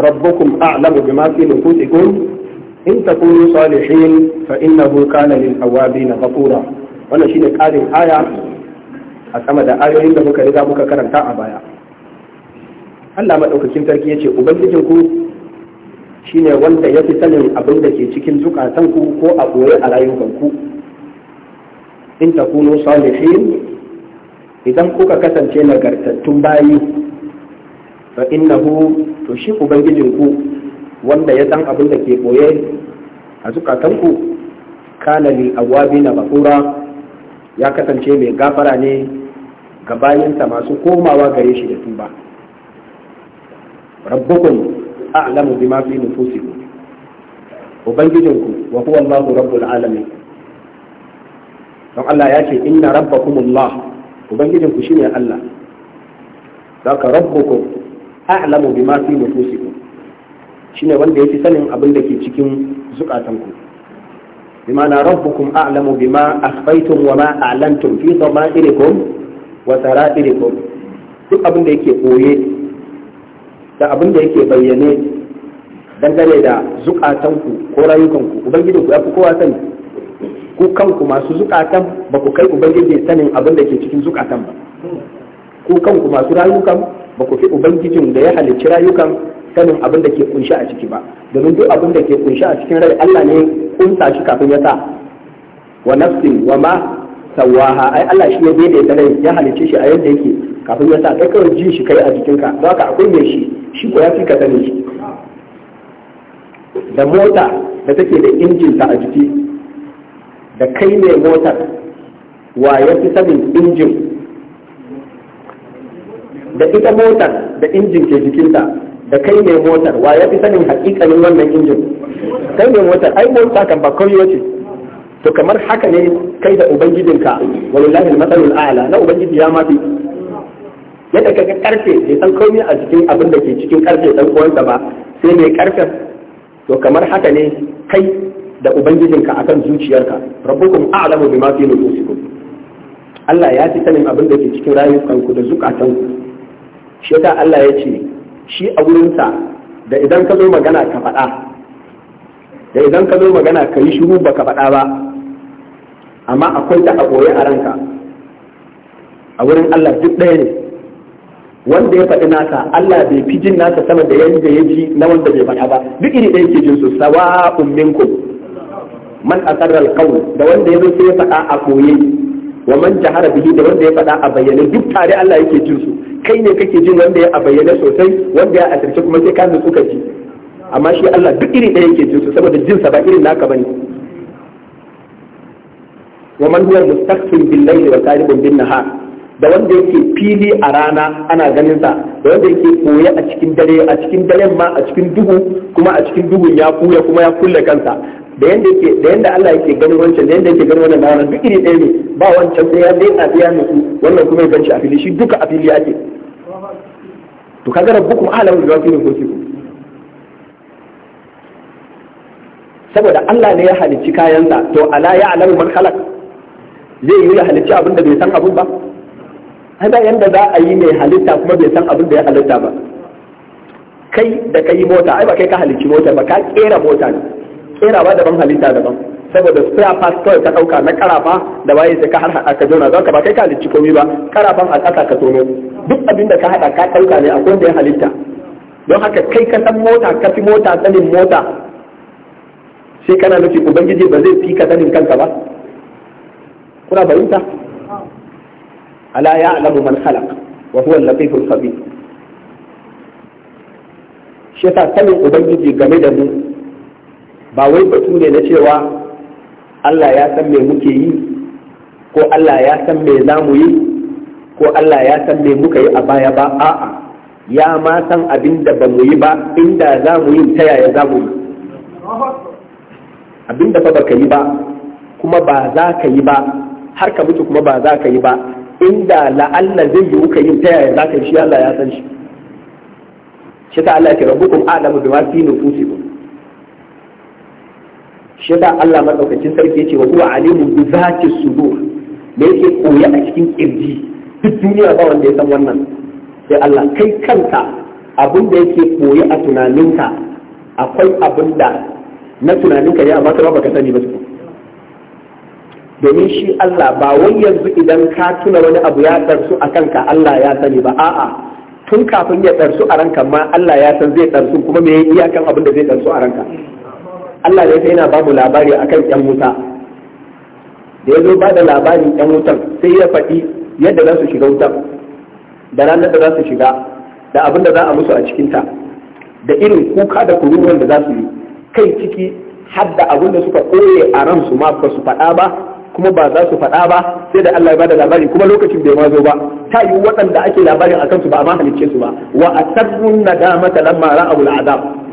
ربكم أعلم بما في نفوسكم إن تكونوا صالحين فإنه كان للأوابين غفورا wannan shine ƙarin aya a sama da ayoyin da muka riga muka karanta a baya Allah maɗaukacin sarki yace ubangijin ku shine wanda ya fi sanin abinda ke cikin zukatan ku ko a ɓoye a rayukan ku in takunu salihin idan kuka kasance nagartattun bayi fa innahu to shi ubangijinku wanda ya san abin da ke boye a zukatanku kana wabi na bakura ya kasance mai gafara ne ga bayansa masu komawa gare shi da tuba rabbukun a'lamu bima fi nufusikum ubangijinku wa huwa Allahu rabbul alamin don Allah ya ce inna rabbakumullah ubangijinku shine Allah zaka rabbukum a'lamu bima fi nufusikum shine wanda yake sanin abin da ke cikin zukatanku bima na rabbukum a'lamu bima akhfaytum wa ma a'lantum fi dhamairikum wa sarairikum duk abin da yake koye da abin da yake bayyane dangane da zukatanku ko rayukanku ubangiji ya fi kowa sani ku kanku masu zukatan ba ku kai ubangiji sanin abin da ke cikin zukatan ba ku kanku masu rayukan ba ku fi ubangijin da ya halicci rayukan sanin abin da ke kunshi a ciki ba domin duk abin da ke kunshi a cikin rai Allah ne kunsa shi kafin ya sa wa nafsin wa ma sawaha ai Allah shi ya daidaita rai ya halicci shi a yadda yake kafin ya sa kai kawai ji shi kai a jikinka don haka akwai mai shi shi ko ya fi ka sani shi da mota da take da ta a jiki da kai mai motar wa ya fi sanin injin da ita motar da injin ke jikinta da kai mai motar wa ya fi sanin hakikalin wannan injin kai mai motar ai motar kan ba kauyo ce to kamar haka ne kai da ubangijinka walillahi al-masalul a'la na ubangiji ya mafi yadda kaga karfe bai san komai a cikin abin da ke cikin karfe dan uwansa ba sai mai karfe to kamar haka ne kai da ubangijinka akan zuciyarka rabbukum a'lamu bima fi nufusikum Allah ya fi sanin abin da ke cikin rayukanku da zukatanku shi ta Allah ya ce shi a wurinsa da idan ka zo magana ka faɗa da idan ka zo magana ka yi shiru ba ka faɗa ba amma akwai ta a ɓoye a ranka a wurin Allah duk ɗaya ne wanda ya faɗi nasa Allah bai fi jin nasa sama da yadda ya ji na wanda bai faɗa ba duk iri ɗaya ke jin su sawa'un minkum man asarra alqawl da wanda ya zo sai ya faɗa a koye wa man jahara bihi da wanda ya faɗa a bayyane duk tare Allah yake jin su kai ne kake jin wanda ya bayyana sosai wanda ya asirce kuma sai ka nutsu ka ji amma shi Allah duk iri ɗaya yake jin su saboda jin sa ba irin naka bane wa man huwa mustaqbil bil layli wa qaribun bin nahar da wanda yake fili a rana ana ganin sa da wanda yake koye a cikin dare a cikin daren ma a cikin duhu kuma a cikin duhun ya kuya kuma ya kulle kansa da yanda yake da yanda Allah yake ganin wancan da yanda yake ganin wannan da wannan duk iri ɗaya ne ba wancan sai ya dai a biya musu wannan kuma ya ganci a fili shi duka a fili ake to kaga rabbukum a'lam bi wafi nufusikum saboda Allah ne ya halicci kayansa to ala ya alamu man khalaq zai yi ya halicci abin da bai san abin ba ai ba yanda za a yi mai halitta kuma bai san abin da ya halitta ba kai da kai mota ai ba kai ka halicci mota ba ka kera mota ne kera ba daban halitta daban saboda spare parts kawai ka ɗauka na karafa da waye sai ka harhaɗa ka jona zaka ka ba kai ka halicci komai ba karafan a ƙasa ka tono duk abin da ka haɗa ka ɗauka ne a wanda ya halitta don haka kai ka san mota ka fi mota sanin mota sai kana nufi ubangiji ba zai fi ka sanin kanka ba kuna fahimta ala ya alamu man khalaq wa huwa al-latiful khabir shi ta sanin ubangiji game da mu ba wai batu ne na cewa Allah ya san me muke yi ko Allah ya san me za mu yi ko Allah ya san me muka yi a baya ba a'a ya ma san abin da ba mu yi ba inda za mu yi ta yaya za mu yi abin da fa baka yi ba kuma ba za ka yi ba har ka mutu kuma ba za ka yi ba inda la'alla zai yi ka yi ta yaya za ka yi shi Allah ya san shi shi ta Allah ya ce rabbukum a'lamu bima fi nufusikum shi da Allah madaukakin sarki yace wa huwa alimun bi zati sudur da yake koyi a cikin kirji duk duniya ba wanda ya san wannan sai Allah kai kanka abin da yake koyi a tunaninka akwai abin da na tunaninka ne amma ba baka sani ba su domin shi Allah ba wai yanzu idan ka tuna wani abu ya tsarsu a kanka Allah ya sani ba a'a tun kafin ya tsarsu a ranka ma Allah ya san zai tsarsu kuma me kan abin da zai tsarsu a ranka Allah ne sai yana ba mu labari akan ƴan wuta da ya zo ba da labarin ƴan wutan sai ya faɗi yadda za su shiga wutan da ranar da za su shiga da abin da za a musu a cikinta da irin kuka da kururuwan da za su yi kai ciki har da abin da suka koye a ran su ma ba su faɗa ba kuma ba za su faɗa ba sai da Allah ya bada labari kuma lokacin bai ma zo ba ta yi waɗanda ake labarin akan su ba a ma halicce su ba wa asarrun nadamata lamma ra'awul azab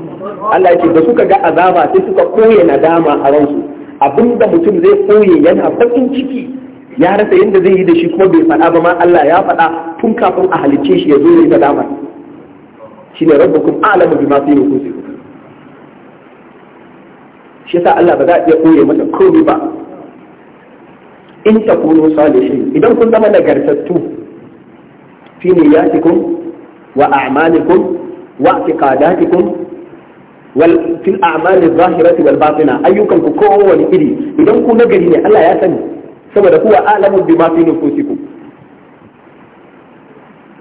Allah ya ce da suka ga azaba sai suka koye nadama a ransu da mutum zai koye yana bakin ciki ya rasa yadda zai yi da shi kuma bai faɗa ba ma Allah ya faɗa tun kafin a halicce shi ya zo ya yi nadama shine kun, a'lamu bima fi nufusikum shi yasa Allah ba za a iya koye mata komai ba in ta kuno salihin idan kun zama nagartattu fi kun, wa a'malikum wa i'tiqadatikum wal fil a'mali zahirati wal batina ayyukan ku kowane iri idan ku nagari ne Allah ya sani saboda kuwa alamu bi ma fi nufusikum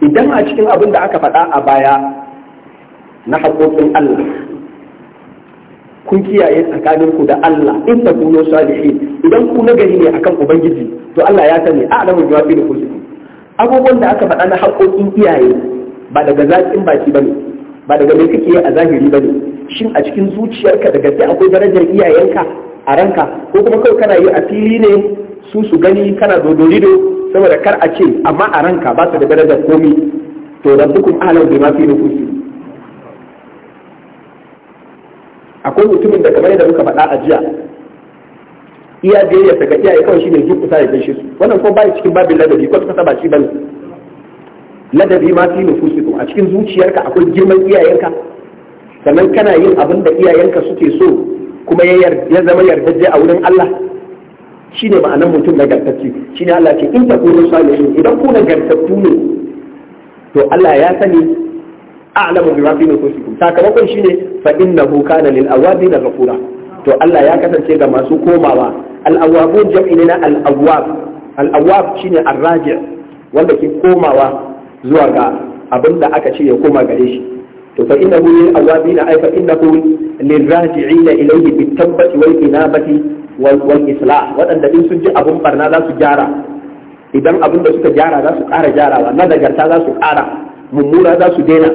idan a cikin abin da aka faɗa a baya na haƙoƙin Allah kun kiyaye tsakaninku da Allah in ta kuno salihin idan ku nagari ne akan ubangiji to Allah ya sani a alamu bi ma fi nufusikum abubuwan da aka faɗa na haƙoƙin iyaye ba daga zaƙin baki bane ba daga me kake a zahiri bane shin a cikin zuciyarka da gaske akwai darajar iyayenka a ranka ko kuma kawai kana yi a fili ne su su gani kana dodorido saboda kar a ce amma a ranka ba su da darajar komi to rabbukum ahlan bima fi nufusi akwai mutumin da kamar yadda muka faɗa a jiya iya biyayya ta ga iyaye kawai shine duk kusa ya gaishe su wannan ko bai cikin babin ladabi ko kusa ba shi bane ladabi ma fi to a cikin zuciyarka akwai girman iyayenka sannan kana yin abin da iyayenka suke so kuma ya zama yardajje a wurin Allah shi ne ma'anar mutum na nagartacce shi ne Allah ce in ta kuma salihin idan ku nagartattu ne to Allah ya sani a'lamu bima fi ne. sakamakon shi shine fa innahu kana lil na ghafura to Allah ya kasance ga masu komawa al awabun jam'i na al awab al awab shine ar raji' wanda ke komawa zuwa ga abin da aka ce ya koma gare shi to fa innahu lil na ay fa innahu lil raji'ina ilayhi bit tabbati wal inabati wal wal islah wadanda in sun ji abun barna za su gyara idan abun da suka gyara za su ƙara gyarawa na nagarta za su ƙara mummura za su daina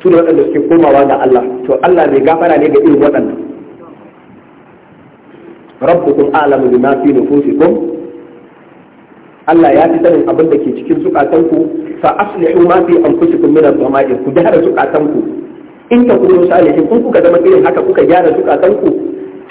su ne waɗanda suke komawa ga Allah to Allah mai gafara ne ga irin waɗanda rabbukum a'lamu bima fi nufusikum Allah ya fi sanin abin da ke cikin zukatanku fa aslihu ma fi anfusikum min adh-dhama'ir ku gyara zukatanku in ta kuno salihi kun kuka zama irin haka kuka gyara zukatanku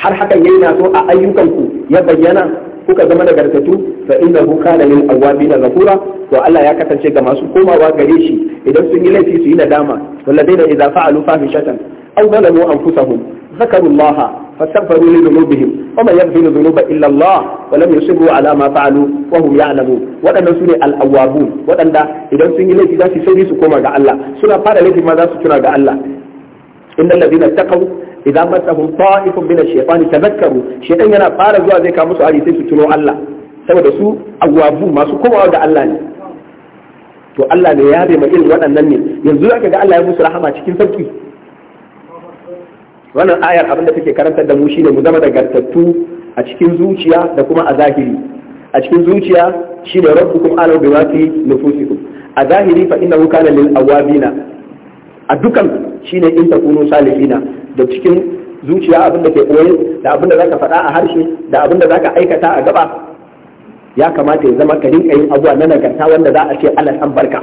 har hakan na so a ayyukanku ya bayyana kuka zama da gargatu fa innahu kana lil awabin ghafura to Allah ya kasance ga masu komawa gare shi idan sun yi laifi su yi nadama walladheena idza fa'alu fahishatan aw zalamu anfusahum ذكروا الله فاستغفروا لذنوبهم وما يغفر الذنوب الا الله ولم يصروا على ما فعلوا وهم يعلمون ودان سوني الاوابون ودان idan sun yi laifi za su sai su koma ga Allah suna fara laifi ma za su kira ga Allah innal ladina taqaw idza masahum ta'ifun min ash-shaytani tadhakkaru shaytan yana fara zuwa zai kawo musu ari sai su tuno Allah saboda su awabu masu komawa ga Allah ne to Allah ne ya bai ma irin waɗannan ne yanzu zaka ga Allah ya musu rahama cikin sarki. wannan ayar abin da take karantar da mu shine mu zama da gartattu a cikin zuciya da kuma a zahiri a cikin zuciya shine rabbukum alau bima fi nufusikum a zahiri fa innahu kana lil awabina a dukan shine in takunu salihina da cikin zuciya abin da ke koyi da abin da zaka faɗa a harshe da abin da zaka aikata a gaba ya kamata ya zama ka rinka yin abuwa na nagarta wanda za a ce Allah san barka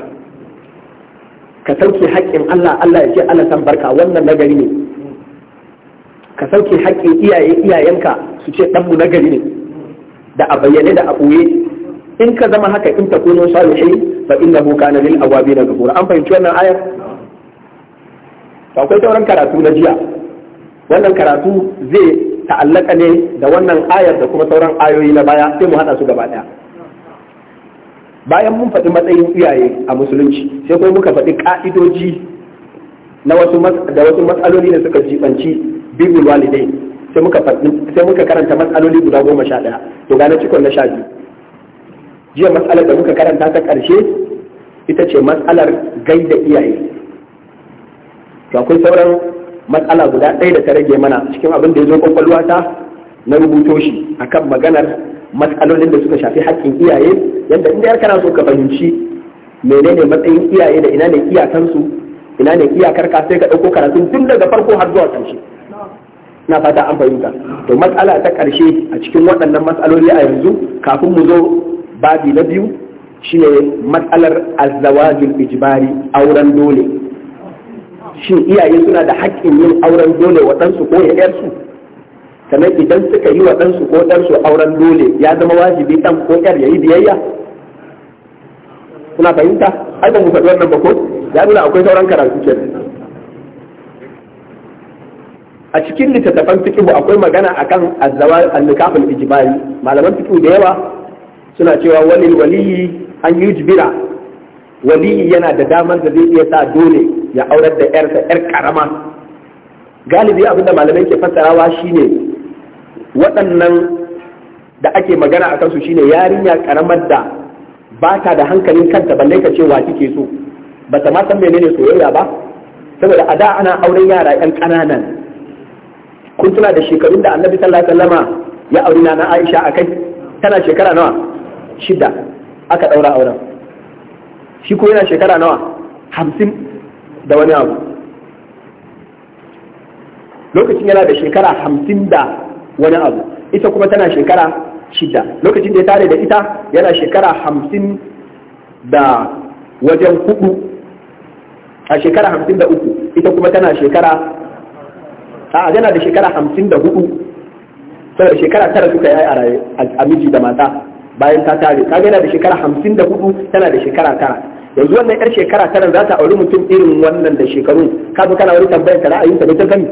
ka sauke haƙƙin Allah Allah ya ce Allah san barka wannan nagari ne ka sauke haƙƙin iyaye iyayenka su ce ɗanmu na gari ne da a bayyane da a ɓoye in ka zama haka in ta takunu salihin fa innahu kana lil awabin ghafura an fahimci wannan ayar akwai sauran karatu na jiya wannan karatu zai ta'allaka ne da wannan ayar da kuma sauran ayoyi na baya sai mu hada su gaba daya bayan mun faɗi matsayin iyaye a musulunci sai kuma muka faɗi ka'idoji da wasu matsaloli da suka jibanci birrul walidai sai muka karanta matsaloli guda goma sha ɗaya to gane cikon na sha biyu jiya matsalar da muka karanta ta ƙarshe ita ce matsalar gaida iyaye to akwai sauran matsala guda ɗaya da ta rage mana cikin abin da ya zo kwakwalwa ta na rubuto shi akan maganar matsalolin da suka shafi haƙƙin iyaye yadda inda yar kana so ka fahimci menene matsayin iyaye da ina ne iyakansu ina ne iyakar ka sai ka ɗauko karatun tun daga farko har zuwa ƙarshe na fata an fahimta to matsala ta karshe a cikin waɗannan matsaloli a yanzu kafin mu zo babi na biyu shine matsalar alzawajin ijibari auren dole shin iyaye suna da haƙƙin yin auren dole waɗansu ko ya ƴarsu sannan idan suka yi waɗansu ko ɗansu auren dole ya zama wajibi ɗan ko ƴar yi biyayya kuna fahimta ai ba mu faɗi wannan ba ko ya nuna akwai sauran karatu kenan a cikin littattafan fiqhu akwai magana akan azzawar annikafin ijibari malaman fiqhu da yawa suna cewa wani waliyi an yi jibira waliyi yana da damar da zai iya sa dole ya aurar da yarsa yar karama galibi abinda malamai ke fassarawa shine waɗannan da ake magana a kansu shine yarinya karamar da ba ta da hankalin kanta ba ka ce wa kike so ba ta ma san menene soyayya ba saboda a da ana auren yara yan ƙananan kun tuna da shekarun da annabi sallallahu alaihi wasallama ya auri na Aisha akai tana shekara nawa shida aka daura auren shi ko yana shekara nawa hamsin da wani abu lokacin yana da shekara hamsin da wani abu ita kuma tana shekara shida lokacin da ya tare da ita yana shekara hamsin da wajen hudu a shekara hamsin da uku ita kuma tana shekara a yana da shekara hamsin da hudu saboda shekara tara suka yi a raye a miji da mata bayan ta tare ta yana da shekara hamsin da hudu tana da shekara tara yanzu wannan yar shekara tara za ta auri mutum irin wannan da shekaru ka kana wani tambayar ta ra'ayin ta ta gani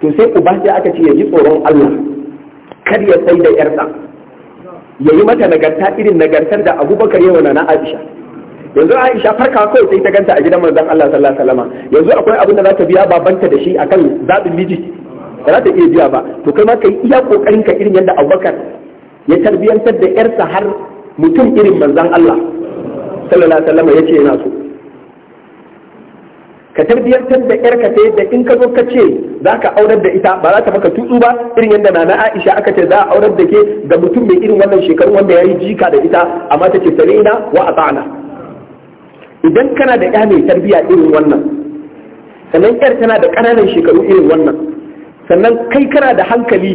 to sai uba sai aka ce ya ji tsoron Allah kar ya sai da yarsa ya yi mata nagarta irin nagartar da Abubakar yawa na Aisha yanzu Aisha farka kawai sai ta ganta a gidan manzon Allah sallallahu alaihi wasallam yanzu akwai abin da za ta biya babanta da shi akan zabin miji ba za ta iya biya ba to kai ma kai iya kokarin ka irin yadda Abubakar ya tarbiyantar da yarsa har mutum irin manzon Allah sallallahu alaihi wasallam yace yana so ka tarbiyantar da yarka ta yadda in ka zo ka ce za ka aurar da ita ba za ta maka tutsu ba irin yadda na na Aisha aka ce za a aurar da ke ga mutum mai irin wannan shekaru wanda ya yi jika da ita amma ta ce sare wa a idan kana da ya mai tarbiya irin wannan sannan yar tana da ƙananan shekaru irin wannan sannan kai kana da hankali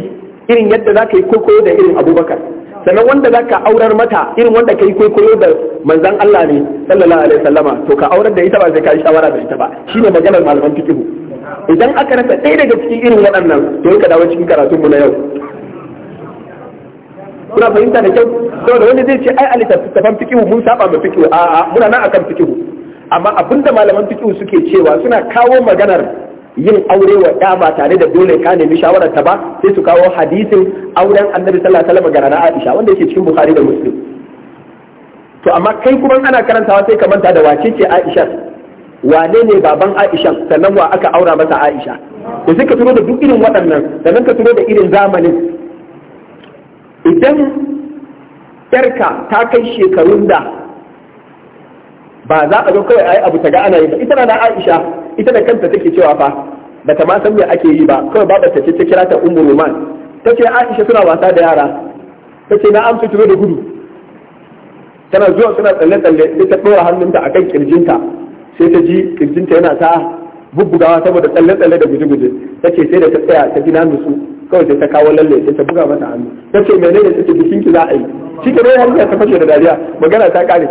irin yadda za ka yi kwaikwayo da irin abubakar sannan wanda za ka aurar mata irin wanda ka yi kwaikwayo da manzan Allah ne sallallahu alaihi sallama to ka aurar da ita ba sai ka yi shawara da ita ba ne maganar malaman fikihu idan aka rasa ɗaya daga cikin irin waɗannan to ka dawo cikin karatunmu na yau kuna fahimta da kyau saboda wani zai ce ai a littattafan fikihu mun saba ma fikihu a muna nan akan fikihu amma abinda malaman fikihu suke cewa suna kawo maganar yin aure wa ɗa ba tare da dole ka nemi shawarar ta ba sai su kawo hadisin auren annabi sallallahu alaihi wasallam ga na Aisha wanda yake cikin Bukhari da Muslim to amma kai kuma ana karantawa sai ka manta da wace ce Aisha wane ne baban Aisha sannan wa aka aura masa Aisha to sai ka turo da duk irin waɗannan sannan ka turo da irin zamanin idan yarka ta kai shekarun da ba za a zo kawai a yi abu ta ga ana yi ba ita na aisha ita da kanta take cewa fa ba ta ma san me ake yi ba kawai babar ta ce ta kira ta ummu ruman ta ce aisha suna wasa da yara ta ce na amsa turo da gudu tana zuwa suna tsalle-tsalle sai ta ɗora hannunta a kan kirjinta sai ta ji kirjinta yana ta bubbugawa saboda tsalle-tsalle da guje-guje ta ce sai da ta tsaya ta ji na nutsu kawai sai ta kawo lalle sai ta buga mata hannu ta ce mene ne take bikin ki za a yi shi ke nan har ta fashe da dariya magana ta kare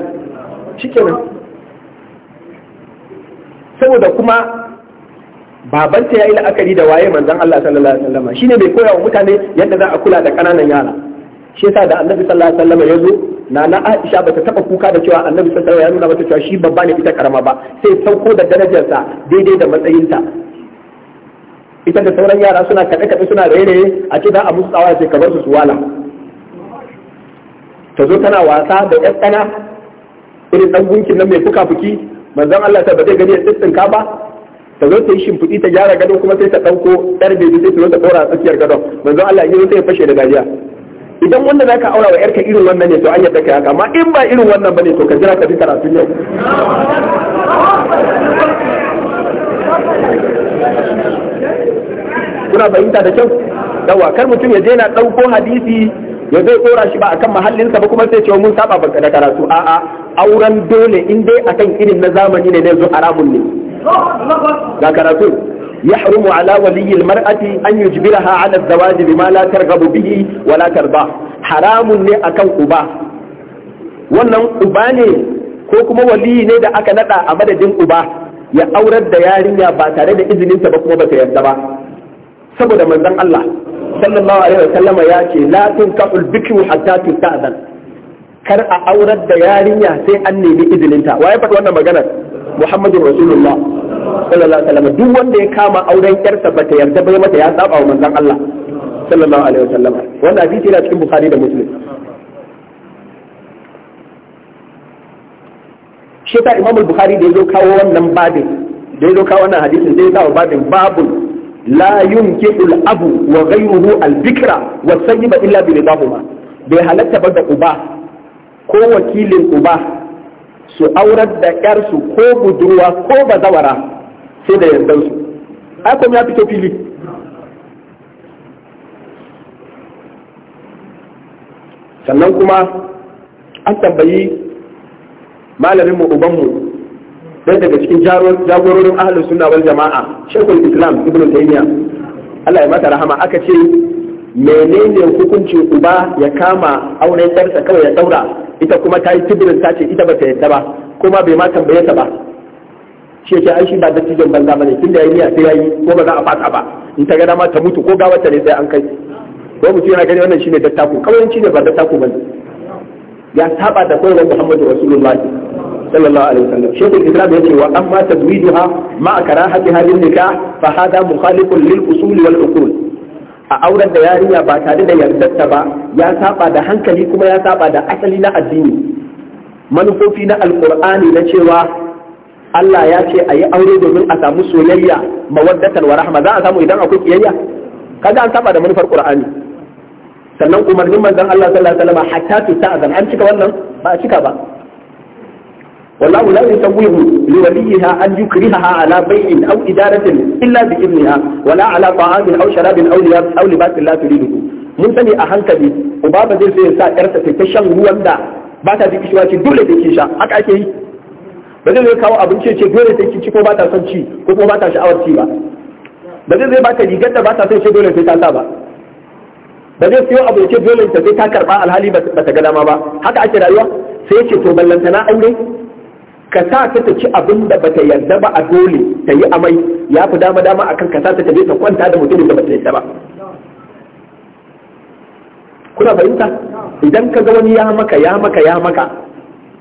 shi ke saboda kuma babanta ya yi la'akari da waye manzan Allah sallallahu alaihi wasallam shine bai koya wa mutane yadda za a kula da ƙananan yara shi yasa da annabi sallallahu alaihi wasallam ya zo nana Aisha bata taba kuka da cewa annabi sallallahu alaihi wasallam ya nuna mata cewa shi babba ne ita karama ba sai sauko da darajarsa daidai da matsayinta ita da sauran yara suna kaɗe-kaɗe suna rairaye a ce za a musu tsawa ka bar su wala ta zo tana wasa da ƴan ƙana irin ɗan gunkin nan mai fuka-fuki manzon Allah ta ba zai gani ya tsitsinka ba ta zo ta yi shimfiɗi ta gyara gado kuma sai ta ɗauko ƴar bebi sai ta zo ta ɗora a tsakiyar gado manzon Allah ya yi sai ya fashe da gajiya idan wanda za ka aura wa yarka irin wannan ne to an yadda kai haka amma in ba irin wannan ba ne to ka jira ka bi karatun yau kuna fahimta da kyau yawa kar mutum ya je na ɗauko hadisi ya zai tsora shi a akan mahallinsa ba kuma sai cewa mun saba da karatu a'a auren dole in dai akan irin na zamani ne na yanzu haramun ne ga karatu يحرم على ولي المرأة أن يجبرها على الزواج بما لا ترغب به ولا ترضاه حرام أكن أبا wannan uba ne ko kuma waliyi ne da aka naɗa a madadin uba ya aurar da yarinya ba tare da izininsa ba kuma bata yarda ba saboda manzon Allah sallallahu alaihi wasallama ya ce la tunkahul bikru hatta tusadan kar a aurar da yarinya sai an nemi izininta waye faɗi wannan maganar Muhammadu Rasulullah sallallahu alaihi wasallam duk wanda ya kama auren yarsa bata yarda bai mata ya saba wa manzon Allah sallallahu alaihi wasallam wannan hadisi yana cikin Bukhari da Muslim shi ta Imam Bukhari da yazo kawo wannan babin da yazo kawo wannan hadisin da ya kawo babin babun Layun ke al-abu wa ghayruhu al-dhikra wa sayyiba illa bi ridahuma bai halarta ba da uba ko wakilin uba su aurar da yarsu ko budurwa ko bazawara sai da yardansu akwai ya fito fili sannan kuma an tambayi malamin mu uban mu. sai daga cikin jagororin ahalin suna wal jama'a shekul islam ibn taymiya Allah ya mata rahama aka ce menene hukuncin uba ya kama auren ɗarsa kawai ya daura ita kuma ta yi tibirin ta ce ita ba ta yadda ba kuma bai ma tambaye ta ba shi yake ai shi ba dattijon banza bane tun da yayi niyya sai yayi ko ba za a fata ba in ta ga dama ta mutu ko gawa ta ne sai an kai ko mutum yana gani wannan shine dattako kawai ne ba dattako bane ya saba da koyarwar Muhammadu Rasulullahi sallallahu alaihi wasallam ne islam yace wa amma tadwiduha ma karahati hadin nikah fa hada mukhalifun lil usul wal uqul a auren da yarinya ba tare da yardarta ba ya saba da hankali kuma ya saba da asali na addini manufofi na alqur'ani na cewa Allah ya ce a yi aure domin a samu soyayya mawaddatan wa rahma za a samu idan akwai kiyayya kaga an saba da manufar qur'ani sannan umarnin manzon Allah sallallahu alaihi wasallam hatta tu ta'zan an cika wannan ba a cika ba والله لا يسويه لوليها أن يكرهها على بيع أو إدارة إلا بإذنها ولا على طعام أو شراب أو لباس, أو لباس لا تريده mun sani a hankali uba ba zai so ya sa ƴarsa ta shan ruwan da ba ta jiki shiwa ce dole da ke sha haka ake yi ba zai zai kawo abinci ce dole da ke ci ko ba ta son ci ko kuma ba ta sha'awar ci ba ba zai zai ba ta rigar da ba ta son ce dole sai ta sa ba ba zai siyo abu ce dole ta sai ta karba alhali ba ta ga dama ba haka ake rayuwa sai ce to ballantana aure ka sa ta ta ci abin da bata yarda ba a dole ta yi amai ya fi dama dama akan ka sa ta je ta kwanta da mutumin da bata yarda ba kuna fahimta idan ka ga wani ya maka ya maka ya maka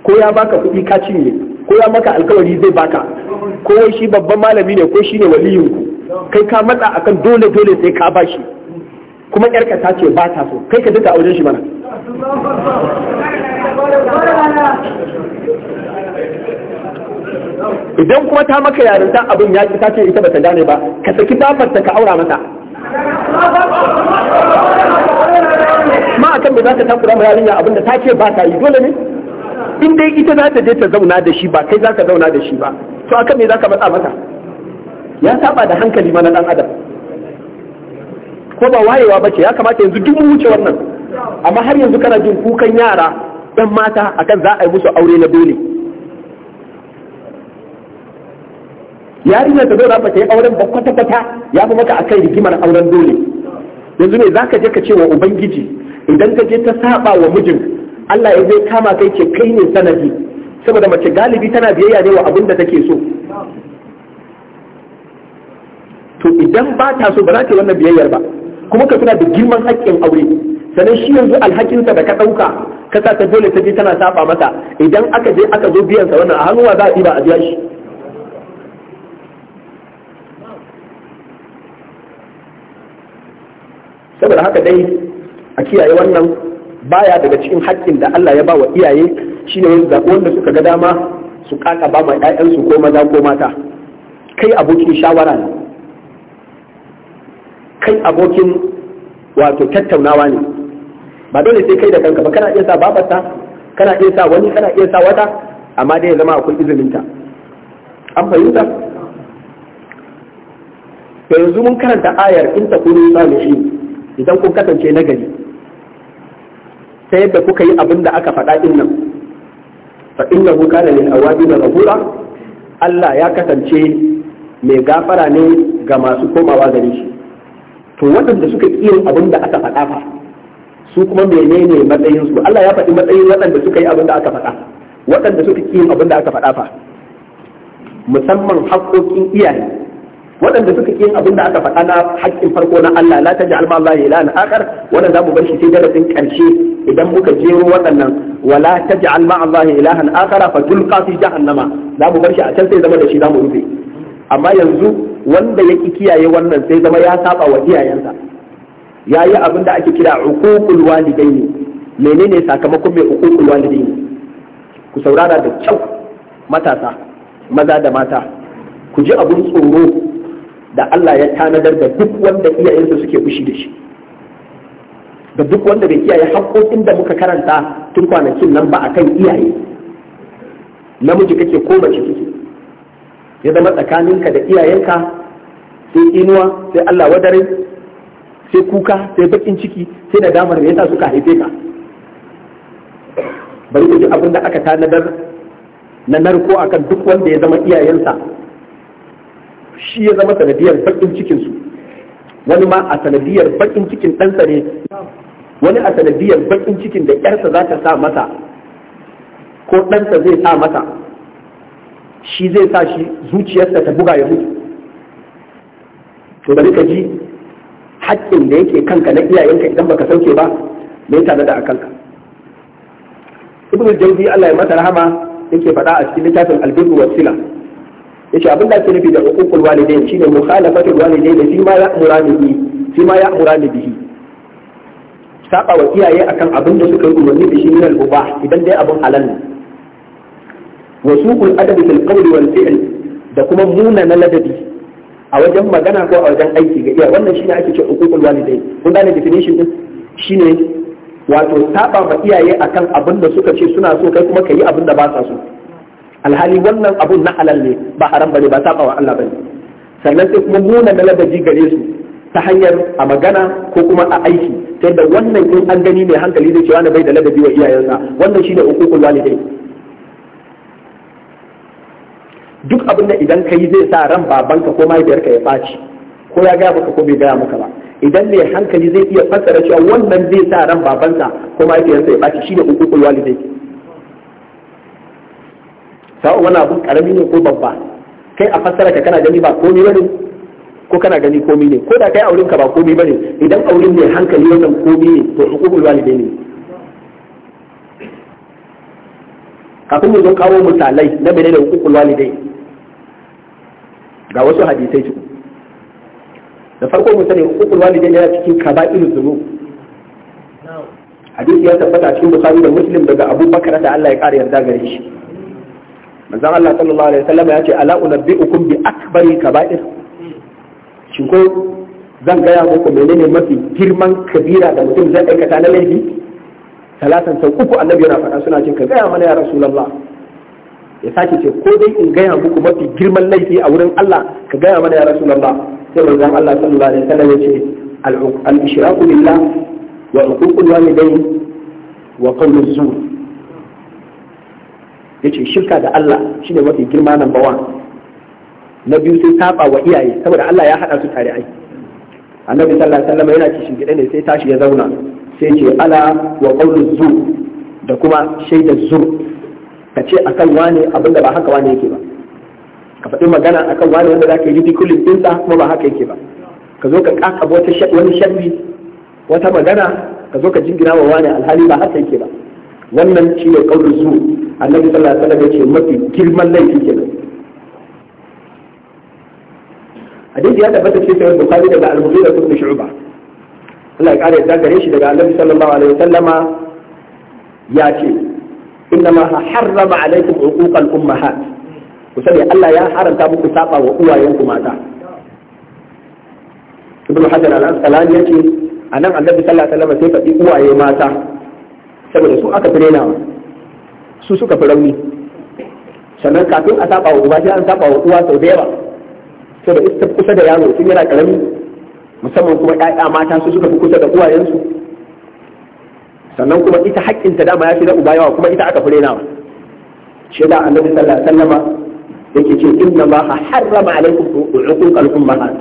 ko ya baka kuɗi ka cinye ko ya maka alkawari zai baka ko wai shi babban malami ne ko ne waliyin ku kai ka matsa akan dole dole sai ka bashi kuma yarka ta ce ba ta so kai ka duka auren shi mana idan kuma ta maka yarinta abin ya ki ce ita bata gane ba ka saki babarta ka aura mata ma akan me za ka takura ma yarinya abin da ta ce ba ta yi dole ne in dai ita za ta je ta zauna da shi ba kai za ka zauna da shi ba to akan me za ka matsa mata ya saba da hankali mana dan adam ko ba wayewa bace ya kamata yanzu duk mun wuce wannan amma har yanzu kana jin kukan yara yan mata akan za a yi musu aure na dole yarinya ta zauna ba ta yi auren ba kwata kwata ya fi maka akan rigimar auren dole yanzu ne zaka je ka ce wa ubangiji idan ka je ta saba wa mijin Allah ya zai kama kai ce kai ne sanadi saboda mace galibi tana biyayya ne wa abin da take so to idan ba ta so ba za ta yi wannan biyayyar ba kuma ka tuna da girman haƙƙin aure sannan shi yanzu alhakinsa da ka ɗauka ka ta dole ta je tana saba masa idan aka je aka zo biyansa wannan a hannuwa za a ɗiba a biya shi saboda haka dai a kiyaye wannan baya daga cikin haƙƙin da Allah ya ba wa iyaye shi ne wanda suka ga dama su ƙaƙa ba ma 'ya'yansu ko maza ko mata kai abokin shawara ne kai abokin wato tattaunawa ne ba dole sai kai da kanka ba kana iya sa babarta kana iya sa wani kana iya sa wata amma dai ya zama akwai izininta an fahimta to yanzu mun karanta ayar in takunu salihin idan kun kasance nagari ta yadda kuka yi abin da aka faɗa din nan fa innahu kana lil awabin ghafura Allah ya kasance mai gafara ne ga masu komawa gare shi to waɗanda suka ƙi abin da aka faɗa fa su kuma menene matsayin su Allah ya faɗi matsayin waɗanda suka yi abin da aka faɗa waɗanda suka ƙi abin da aka faɗa fa musamman haƙoƙin iyaye waɗanda suka yin abin da aka faɗa na haƙƙin farko na Allah la taj'al ma Allah ilahan akhar wannan zamu bar shi sai darasin ƙarshe idan muka jero waɗannan wala taj'al ma Allah ilahan akhar fa tulqa fi jahannama zamu bar shi a can sai zama da shi zamu rufe amma yanzu wanda ya ki kiyaye wannan sai zama ya saba wa iyayensa ya yi abin da ake kira uququl walidaini menene sakamakon mai uququl walidaini ku saurara da kyau matasa maza da mata ku ji abin tsoro da Allah ya tanadar da duk wanda iyayensa suke fushi da shi da duk wanda bai kiyaye haƙƙoƙin da muka karanta tun kwanakin nan ba akan iyaye namiji kake ko mace kike ya zama tsakaninka da iyayenka sai inuwa sai Allah wadare sai kuka sai bakin ciki sai da damar da yasa suka haife ka bari ku ji abin da aka tanadar na narko akan duk wanda ya zama iyayensa shi ya zama sanadiyar bakin cikin su wani ma a sanadiyar bakin cikin ɗansa ne wani a sanadiyar bakin cikin da ƴarsa za ta sa masa ko ɗansa zai sa masa shi zai sa shi zuciyarsa ta buga ya mutu to da ka ji haƙƙin da yake kanka na iyayenka idan baka sauke ba mai tare da kanka ibnu jawzi Allah ya masa rahama yake faɗa a cikin littafin albirru wasila yace abin da ake nufi da hukukul walidain shine mukhalafatul walidain fi ma ya'mura bihi fi ma ya'mura bihi saba wa iyaye akan abin da suka yi umarni da shi min al idan dai abin halal ne wa suqul adabi fil qawli wal fi'l da kuma muna na ladabi a wajen magana ko a wajen aiki ga iya wannan shine ake cewa hukukul walidain kun gane definition din shine wato saba ma iyaye akan abin da suka ce suna so kai kuma kai abin da ba sa so alhali wannan abun na halal ne ba haram bane ba saba wa Allah bane sannan sai kuma muna na ladabi gare su ta hanyar a magana ko kuma a aiki ta yadda wannan in an gani mai hankali zai cewa na bai da ladabi wa iyayensa wannan shine uququl walidai duk abin da idan kai zai sa ran babanka ko mahaifiyarka ya ɓaci ko ya gaya maka ko bai gaya maka ba idan mai hankali zai iya fassara cewa wannan zai sa ran babansa ko mahaifiyarsa ya ɓaci shine uququl walidai sa'o wani abun karami ne ko babba kai a fassara ka kana gani ba komi bane ko kana gani komi ne ko da kai auren ka ba komi bane idan auren ne hankali wannan komi ne to hukukul walidaini ne kafin mu zo kawo misalai na da hukukul walidai ga wasu hadisai cikin da farko mu sani hukukul walidai yana cikin kaba'irul dhunub hadisi ya tabbata cikin bukhari da muslim daga abubakar da Allah ya kare yarda gare shi manzon Allah sallallahu alaihi wasallam ya ce ala unabbiukum bi akbari kaba'ir shin ko zan gaya muku menene mafi girman kabira da mutum zai aikata na laifi talatan sau uku annabi yana faɗa suna ce ka gaya mana ya rasulullah ya sake ce ko dai in gaya muku mafi girman laifi a wurin Allah ka gaya mana ya rasulullah sai manzon Allah sallallahu alaihi wasallam ya ce al-ishraku billah wa uququl walidayn wa qawlu zur yace shirka da Allah shine mafi girma number one na biyu sai saba wa iyaye saboda Allah ya haɗa su tare ai annabi sallallahu alaihi wasallam yana cikin gida ne sai tashi ya zauna sai ce ala wa qawlu zu da kuma shaida zu ka ce akan wane abinda ba haka wane yake ba ka faɗi magana akan wane wanda zaka yi dikulin dinsa kuma ba haka yake ba ka zo ka kakaba wani sharri wata magana ka zo ka jingina wa wani alhali ba haka yake ba wannan shi ne kaulin su annabi sallallahu alaihi wasallam ce mafi girman laifi kenan hadisi ya tabbata cikin sahih bukhari daga al-mughira ibn shu'ba Allah ya kare ya gare shi daga annabi sallallahu alaihi wasallama ya ce inna ma harrama alaikum uquqal ummahat ku sani Allah ya haramta muku saba wa uwayenku mata ibn hajar al-asqalani yace anan annabi sallallahu alaihi wasallam sai faɗi uwaye mata saboda su aka firena su suka fi rauni sannan kafin a saba wa uba sai an saba wa uwa sau da yawa saboda ita kusa da yaro tun yana karami musamman kuma ƴaƴa mata su suka fi kusa da uwayensu sannan kuma ita haƙƙinta dama ya fi na uba yawa kuma ita aka firena shi da annabi sallallahu alaihi wasallam yake ce inna ma harrama alaikum uquqal ummahat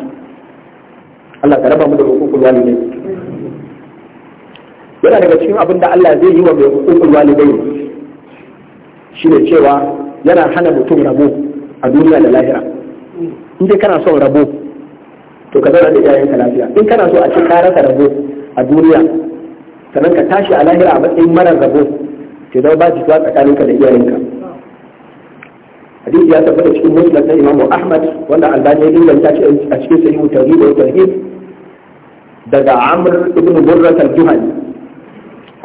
Allah ta raba mu da uququl walidai yana daga cikin abin da Allah zai yi wa mai hukukul walidai ne cewa yana hana mutum rabo a duniya da lahira in dai kana son rabo to ka zauna da iyayenka lafiya in kana so a ce ka rasa rabo a duniya sannan ka tashi a lahira a matsayin marar rabo ke zama ba jituwa tsakaninka da iyayenka hadisi ya tabbata cikin muslim na imamu ahmad wanda albani ya inganta a cikin sahihu tawhid wa tawhid daga amr ibn burrat al-juhani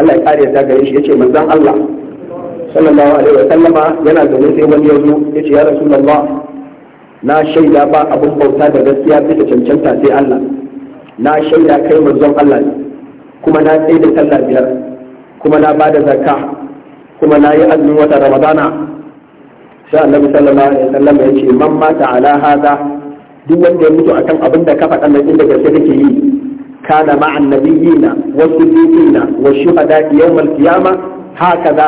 Allah ya kare ta gare shi yace manzon Allah sallallahu alaihi wa sallama yana zaune sai wani ya zo yace ya rasulullah na shaida ba abun bauta da gaskiya da cancanta sai Allah na shaida kai manzon Allah ne kuma na tsaye da sallah biyar kuma na bada zakka kuma na yi azumin wata ramadana sai annabi sallallahu alaihi wa ya ce man mata ala hada duk wanda ya mutu akan abin da ka faɗa nan inda gaske kake yi kana ma'an nabiyina wa siddiqina wa shuhada yawmal qiyamah hakaza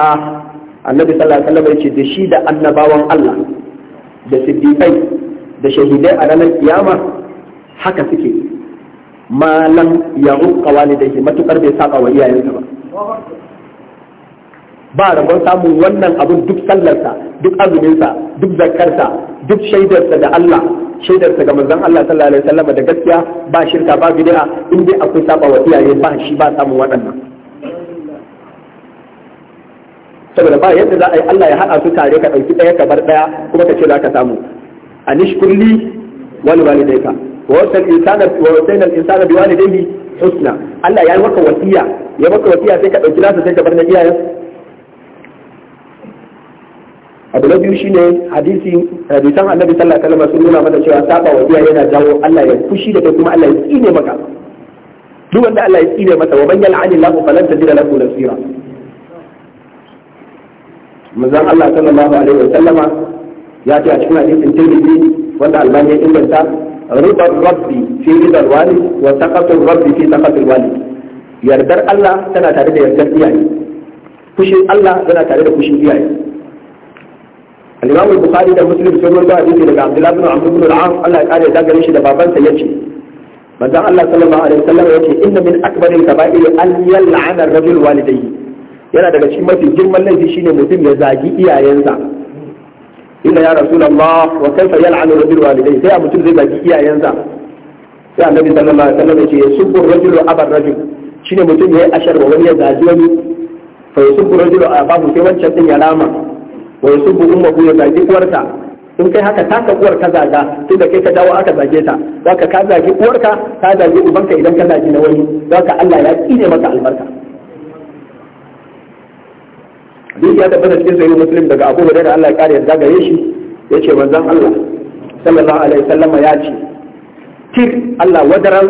annabi sallallahu alaihi wasallam yace da shi da annabawan Allah da siddiqai da shahidai a ranar kiyama haka suke malam ya rukka walidai matukar bai saba wa iyayensa ba ba rabon samun wannan abun duk sallarsa duk azuminsa duk zakarsa duk shaidarsa da Allah shaidarsa ga manzon Allah sallallahu alaihi wasallam da gaskiya ba shirka ba bid'a in dai akwai saba wa iyaye ba shi ba samun waɗannan saboda ba yadda za a yi Allah ya haɗa su tare ka ɗauki ɗaya kamar ɗaya kuma ka ce za ka samu anish kulli wal walidayka wa wasal insana wa wasayna insana bi walidayhi husna Allah ya yi maka wasiya ya maka wasiya sai ka ɗauki nasa sai ka bar na iyayen abu na biyu shine hadisi hadisan annabi sallallahu alaihi wasallam sun nuna mana cewa saba wa iyaye yana jawo Allah ya fushi da kai kuma Allah ya tsine maka duk wanda Allah ya tsine masa wa man yal'ani lahu falan tajida lahu nasira manzon Allah sallallahu alaihi wasallam ya ce a cikin hadisin Tirmidhi wanda Allah ya inganta ribar rabbi fi ribar walid wa taqatul rabbi fi taqatul walid yardar Allah tana tare da yardar iyaye fushin Allah tana tare da fushin iyaye al al-bukhari da muslim sun rawaito hadisi daga abdullah bin amr bin al-as Allah ya kare da shi da babansa yace manzon Allah sallallahu alaihi wasallam yace inna min akbar an yana daga cikin mafi girman laifi shine mutum ya zagi iyayensa inna ya rasulullah wa kaifa yal'anu rajul walidayhi sai mutum zai zagi iyayensa sai annabi sallallahu alaihi wasallam yace yasubbu rajulu abar rajul shine mutum yayi ashar wa wani ya zagi wani fa yasubbu rajulu abahu sai wancan din ya rama wa yusubbu ummuhu ya zagi uwarta in kai haka ta uwar uwarka zaga tun da kai ka dawo aka zage ta za ka zagi uwarka ka zagi ubanka idan ka zagi na wani ka Allah ya ne maka albarka duk ya tabbata cikin sayi musulun daga Abu da Allah ya kare ya zagaye shi ban zan Allah sallallahu alaihi sallama ya ce tir Allah wadaran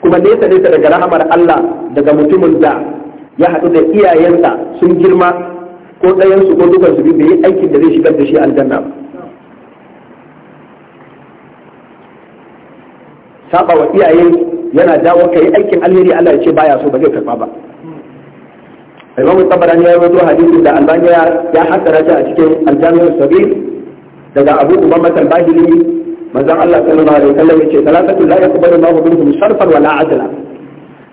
kuma nesa nesa daga rahamar Allah daga mutumin da ya haɗu da iyayensa sun girma ko ɗayan su ko dukan su biyu bai yi aikin da zai shigar da shi aljanna ba saba wa iyaye yana dawo ka yi aikin alheri Allah ya ce baya so ba zai karba ba Imam Tabarani ya rawaito hadisin da Albani ya haddara shi a cikin Al-Jami' daga Abu Umama Al-Bahili manzon Allah sallallahu alaihi wasallam yace salatu la yaqbalu Allahu minkum sharfan wala adla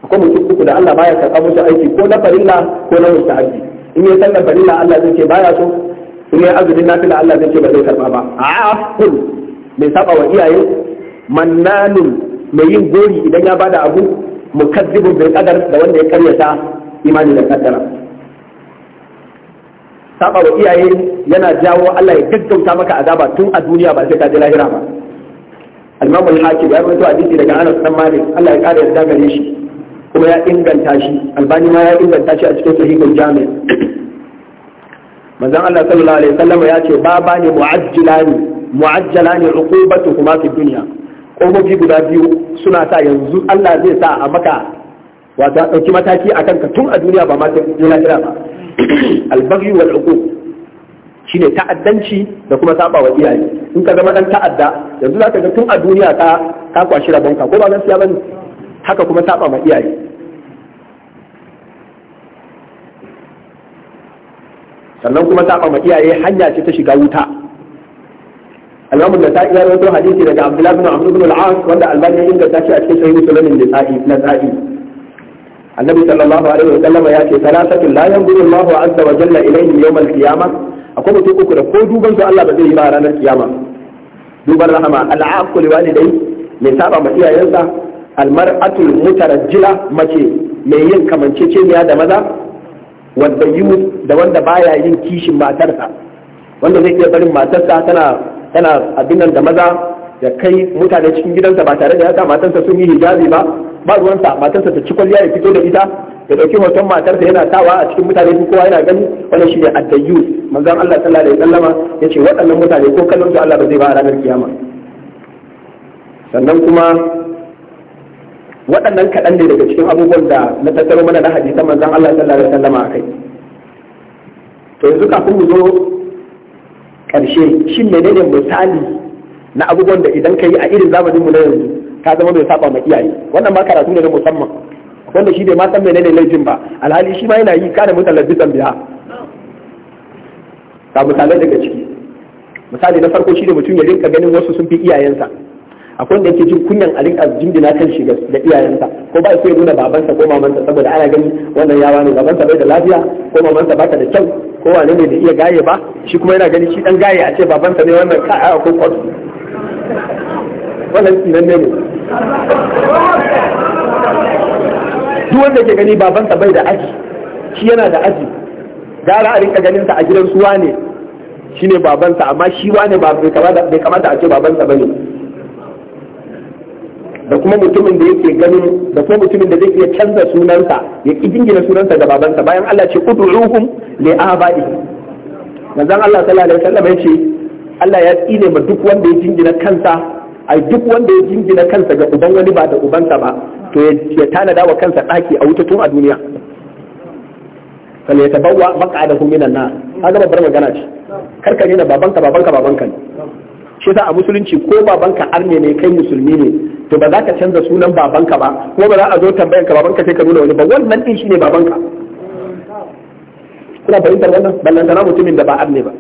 akwai mutum da Allah baya karɓa musu aiki ko na farilla ko na mustahabi in ya sallar farilla Allah zai ce baya so in ya azumin nafila Allah zai ce ba zai karba ba a kun mai saba wa iyaye mannanun mai yin gori idan ya bada abu mukazzibun bil qadar da wanda ya karyata imani da kaddara saba wa iyaye yana jawo Allah ya gaggauta maka azaba tun a duniya ba sai ka ji lahira ba al-Imam al-Hakim ya rawaito hadisi daga Anas dan Malik Allah ya kare yarda gare shi kuma ya inganta shi albani ma ya inganta shi a cikin sahihul jami' manzon Allah sallallahu alaihi wasallam ya ce ba ba ne mu'ajjalani mu'ajjalani uqubatuhuma fi dunya bi guda biyu suna sa yanzu Allah zai sa a maka wato a mataki a kanka tun a duniya ba ma ta duniya kira ba albaghi wal shi ne ta'addanci da kuma saba wa iyaye in ka zama dan ta'adda yanzu zaka ga tun a duniya ka ka kwashi rabonka ko ba gaskiya bane haka kuma saba ma iyaye sannan kuma saba ma iyaye hanya ce ta shiga wuta al-imamu nasa'i ya rawaito hadisi daga abdullahi bin amr bin al-as wanda albani ya inganta shi a cikin sahihu sunan na nasa'i annabi sallallahu alaihi wa sallam ya ce salasatu la yanzuru Allahu azza wa jalla ilayhim yawm al-qiyamah akwai mutum uku da ko duban su Allah ba zai yi ba ranar kiyama duban rahama al-aqul walidai mai saba ma iyayensa almar'atul mutarajjila mace mai yin kamanceceniya da maza wanda yi da wanda baya yin kishin matarsa wanda zai iya barin matarsa tana tana abin nan da maza da kai mutane cikin gidansa ba tare da yasa matarsa sun yi hijabi ba ba ruwansa matarsa ta ci kwalliya ya fito da ita ya dauki hoton matarsa yana sawa a cikin mutane su kowa yana gani wannan shine addayyu manzon Allah sallallahu alaihi wasallama yace waɗannan mutane ko kallon su Allah ba zai ba a ranar kiyama sannan kuma waɗannan kaɗan ne daga cikin abubuwan da na tattaro mana na hadisa manzon Allah sallallahu alaihi wasallam akai to yanzu kafin mu zo ƙarshe shin menene misali na abubuwan da idan kai a irin zamaninmu na yanzu ka zama mai saba ma iyaye wannan ma karatu ne na musamman wanda shi bai ma san menene laifin ba alhali shi ma yana yi kana mutan labbisan biya ga misalai daga ciki misali na farko shi ne mutum ya rinka ganin wasu sun fi iyayensa akwai da yake jin kunyan a rinka jingina kan shi da iyayensa ko ba sai nuna babansa ko mamansa saboda ana gani wannan yawa ne babansa bai da lafiya ko mamansa ba ta da kyau ko wane ne da iya gaye ba shi kuma yana gani shi dan gaye a ce babansa ne wannan ka a ko kwatu wannan tsinan ne duk wanda ke gani babansa bai da aji shi yana da aji gara a rinka ganin sa a gidan suwa ne shine babansa amma shi wane ba bai kamata a ce babansa bane da kuma mutumin da yake ganin da kuma mutumin da zai iya canza sunansa ya ki jingina sunansa da babansa bayan Allah ce ud'uhum li aba'i manzon Allah sallallahu alaihi wasallam ya ce Allah ya tsine ma duk wanda ya jingina kansa ai duk wanda ya jingina kansa ga uban wani ba da ubansa ba to ya tanada wa kansa daki a wuta tun a duniya falle ta bawa maq'adahu minan nar kaga babbar magana ce karka ne na babanka babanka babanka ne shi yasa a musulunci ko babanka arme ne kai musulmi ne to ba za ka canza sunan babanka ba kuma ba za a zo tambayan ka babanka sai ka nuna wani ba wannan din shine babanka kuna fahimtar wannan ballantana mutumin da ba arme ba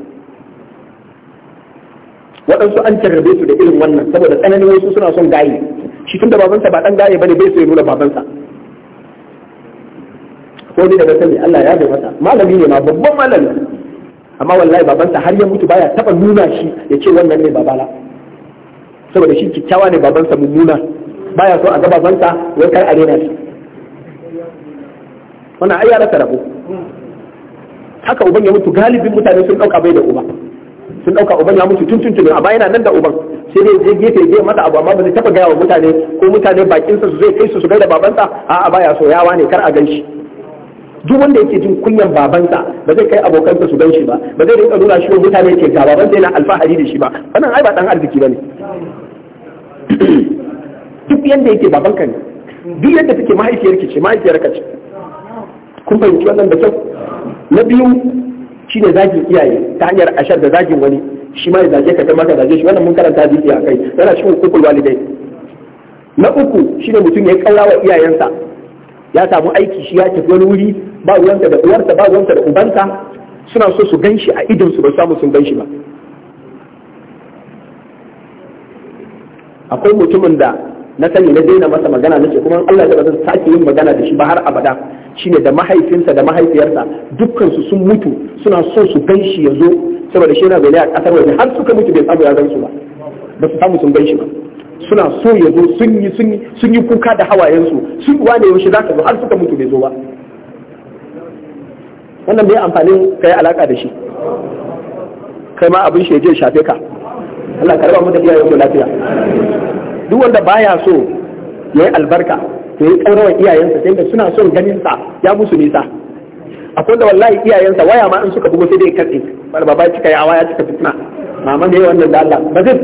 waɗansu an tarbe su da irin wannan saboda tsananin wasu suna son gaye shi tun da babansa ba ɗan gaye bane bai so ya nuna babansa ko ni daga sani Allah ya bai masa malami ne ma babban malami amma wallahi babansa har ya mutu baya taba nuna shi ya ce wannan ne babana saboda shi kyakkyawa ne babansa mummuna baya so a ga babansa wai kar a rena shi wannan ai rasa rabo haka uban ya mutu galibin mutane sun dauka bai da uba sun dauka uban ya mutu tuntun tuni amma yana nan da uban sai dai je gefe je mata abu amma bai taba gaya wa mutane ko mutane bakin sa su zai kai su su gaida babansa a'a baya so yawa ne kar a gan shi duk wanda yake jin kunyan babansa ba zai kai abokansa su gan shi ba ba zai rinka nuna shi wa mutane ke ga babansa yana alfahari da shi ba wannan ai ba dan arziki bane duk yanda yake babanka ne duk yadda take ki ce ka ce kun fahimci wannan da kyau na biyu shine zagin iyaye ta hanyar ashar da zagin wani shi ma ya zage ka kai maka zage shi wannan mun karanta hadisi a kai yana shi hukukul walidai na uku shine mutum ya kaura wa iyayensa ya samu aiki shi ya tafi wani wuri ba ruwanka da uwarsa ba ruwanka da ubanta suna so su gan a idon su ba samu sun gan ba akwai mutumin da na sani na daina masa magana nace kuma Allah ya zan sake yin magana da shi ba har abada shine da mahaifinsa da mahaifiyarsa dukkan su sun mutu suna so su gan shi ya saboda shi yana zaune a kasar waje har suka mutu bai samu ya gan ba ba su samu sun gan ba suna so ya zo sun yi sun yi kuka da hawayensu sun wane yaushe za ka zo har suka mutu bai zo ba wannan bai amfanin ka yi alaka da shi kai ma abin shi ya je shafe ka Allah ka raba mu da iyayen mu lafiya duk wanda baya so ya yi albarka to yi rawar iyayensa sai da suna son ganin sa ya musu nisa akwai da wallahi iyayensa waya ma in suka bugo sai dai katse baba cika yawa ya cika fitina da ne wannan da Allah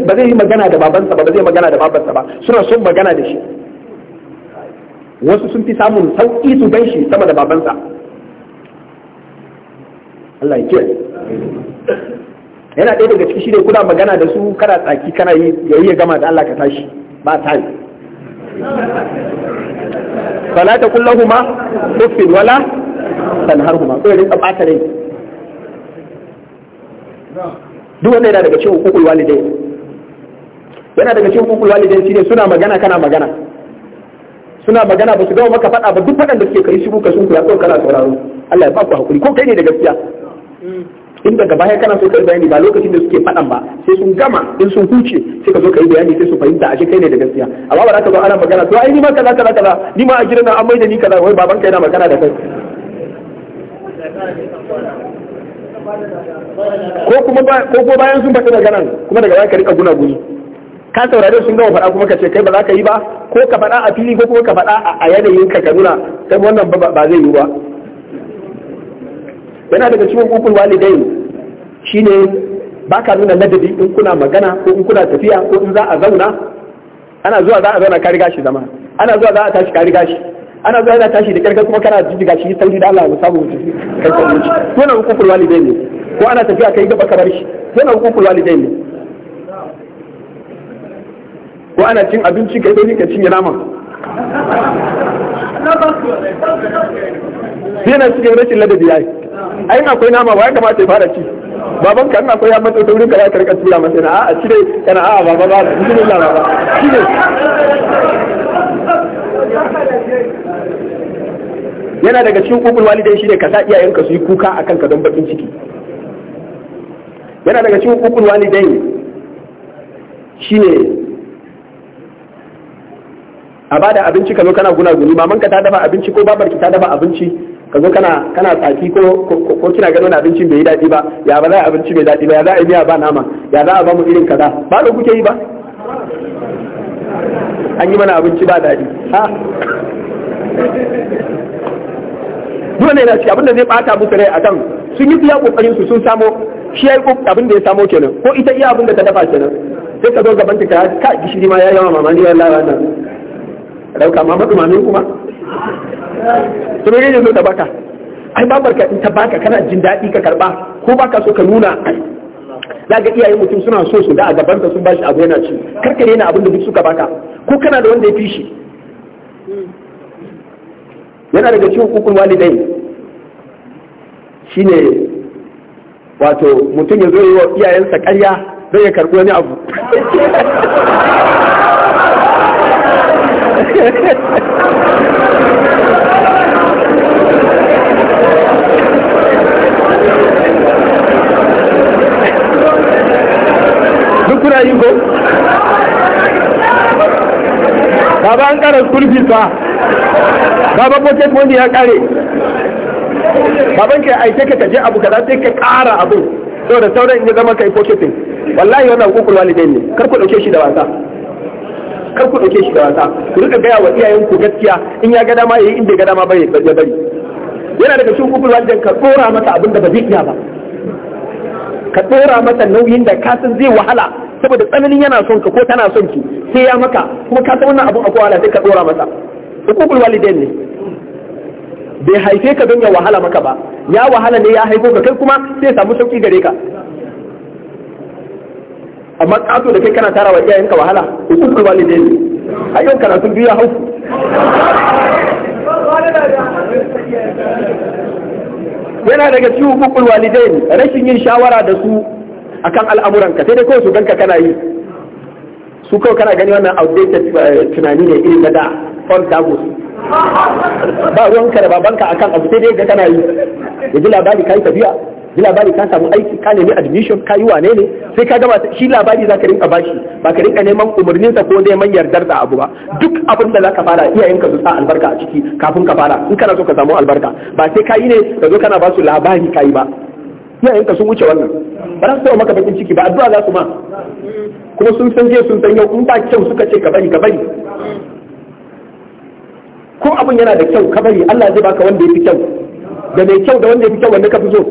ba zai yi magana da babansa ba ba zai magana da babansa ba suna son magana da shi wasu sun fi samun sauki su gan shi sama da babansa Allah ya kiyaye yana ɗaya daga ciki shi ne kuna magana da su kana tsaki kana yi yayi ya gama da Allah ka tashi ba time fala ta kullahuma uffin wala tanharhuma ko rinka bata rai duk wanda yana daga cikin hukukul walidai yana daga cikin hukukul walidai shine suna magana kana magana suna magana ba su gawo maka faɗa ba duk faɗan da suke kai shi ka sun ko kana sauraro Allah ya ku hakuri ko kai ne da gaskiya in daga baya kana so kai bayani ba lokacin da suke faɗan ba sai sun gama in sun huce sai ka zo kai bayani sai su fahimta ashe kai ne da gaskiya amma ba za ka zo ana magana to ai ni ma kaza kaza kaza ni ma a gidan na an da ni kaza wai baban kai na magana da kai ko kuma ko ko bayan sun faɗi daga nan kuma daga baya ka rika guna guni ka saurare sun gama faɗa kuma ka ce kai ba za ka yi ba ko ka faɗa a fili ko kuma ka faɗa a yanayin ka ka nuna kai wannan ba zai yi ba yana daga cikin hukun walidai shine ba ka nuna ladabi in kuna magana ko in kuna tafiya ko in za a zauna ana zuwa za a zauna ka riga shi zama ana zuwa za a tashi ka riga shi ana zuwa za a tashi da kyarkar kuma kana jijiga shi sauri da Allah ya samu mutum kai Ko wannan hukun walidai ne ko ana tafiya kai gaba kamar shi yana hukukul walidain ne ko ana cin abinci kai dai ka cinye nama sai na cikin rashin ladabi yayi ai akwai nama ba ya kamata ya fara ci baban ka ina akwai ya matsa saurin ka ya karka tura masa na a'a cire kana a'a baba ba bismillah baba cire yana daga cikin kukul walidai shine ka sa iyayenka su yi kuka akan ka don bakin ciki yana daga cikin dai walidai shine a bada abinci ka zo kana gunaguni mamanka ta dafa abinci ko babarki ta dafa abinci ka zo kana kana tsaki ko ko kina na abincin bai yi daɗi ba ya ba za a abinci bai daɗi ba ya za a yi miya ba nama ya za a ba mu irin kaza ba da kuke yi ba an yi mana abinci ba daɗi ha dole na ci abinda zai bata musu rai akan sun yi iya kokarin su sun samo shi yi abin da ya samo kenan ko ita iya abin da ta dafa kenan sai ka zo gaban ta ka gishiri ma yayi yawa mamani lara nan rauka ma madumamin kuma to me ne zo ta baka ai babar ka in ta baka kana jin daɗi ka karba ko baka so ka nuna ga iyaye mutum suna so su da a gabansa sun bashi abu yana ci karkare na abin da duk suka baka ko kana da wanda ya fi shi yana daga cikin hukukun walidai shine wato mutum ya zo yi wa iyayensa karya don ya karɓi wani abu duk kuna yi ko? baba an ƙara kulfi fa baba bote money ya ƙare baban ka aike ka je abu kaza sai ka ƙara abu saboda sauran in ya zama kai pocketing wallahi wannan hukukul walidain ne kar ku dauke shi da wasa kar ku dauke shi da wasa ku rika gaya wa iyayen ku gaskiya in ya ga dama yayi in bai ga dama bai ya bari yana daga cikin hukukul walidain ka dora masa abin da ba zai iya ba ka dora masa nauyin da ka san zai wahala saboda tsananin yana son ka ko tana son ki sai ya maka kuma ka san wannan abun akwai wahala sai ka dora masa hukukul walidain ne bai haife ka don ya wahala maka ba ya wahala ne ya haifo ka kai kuma sai samu sauki gare ka amma kato da kai kana tara wa iyayenka wahala hukukul walidain a yau karatun biyu ya hau yana daga cikin hukukul ne rashin yin shawara da su akan al'amuranka sai dai kawai su ganka kana yi su kawai kana gani wannan outdated eh, tunani ne irin na da on dagos ba ruwanka da babanka akan abu sai dai ga kana yi ya ji labari ka yi tafiya ji labari ka samu aiki ka nemi admission ka yi wane ne sai ka gama shi labari za ka rinka bashi ba ka rinka neman umarninsa ko neman yardar da abu ba duk abin da za ka fara iyayenka su sa albarka a ciki kafin ka fara in kana so ka samu albarka ba sai ka yi ne ka zo kana ba su labari ka yi ba iyayenka sun wuce wannan ba za su maka bakin ciki ba addu'a za su ma kuma sun san je sun san yau in ba kyau suka ce ka bari ka bari ko abin yana da kyau ka bari Allah zai baka wanda ya fi kyau da mai kyau da wanda ya fi kyau wanda ka fi so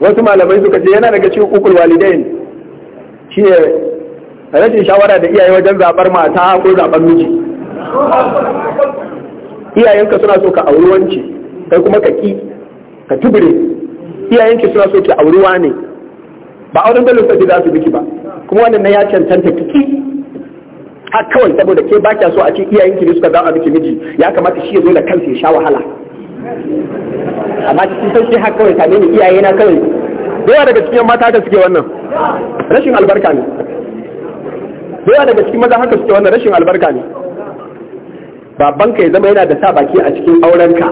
wasu malamai suka ce yana daga cikin ukul walidain shi ne rashin shawara da iyaye wajen zabar mata ko zabar miji iyayenka suna so ka auri wance kai kuma ka ki ka tubure iyayenki suna so ki auruwa ne ba auren dalilin sai za su biki ba kuma wannan ya cancanta har kawai saboda ke ba kya so a ce iyayenki ne suka zama miki miji ya kamata shi ya zo da kansa ya sha wahala amma cikin sauki har kawai same ni iyaye na kawai yawa daga cikin mata haka suke wannan rashin albarka ne yawa daga cikin maza haka suke wannan rashin albarka ne babanka ya zama yana da sa baki a cikin aurenka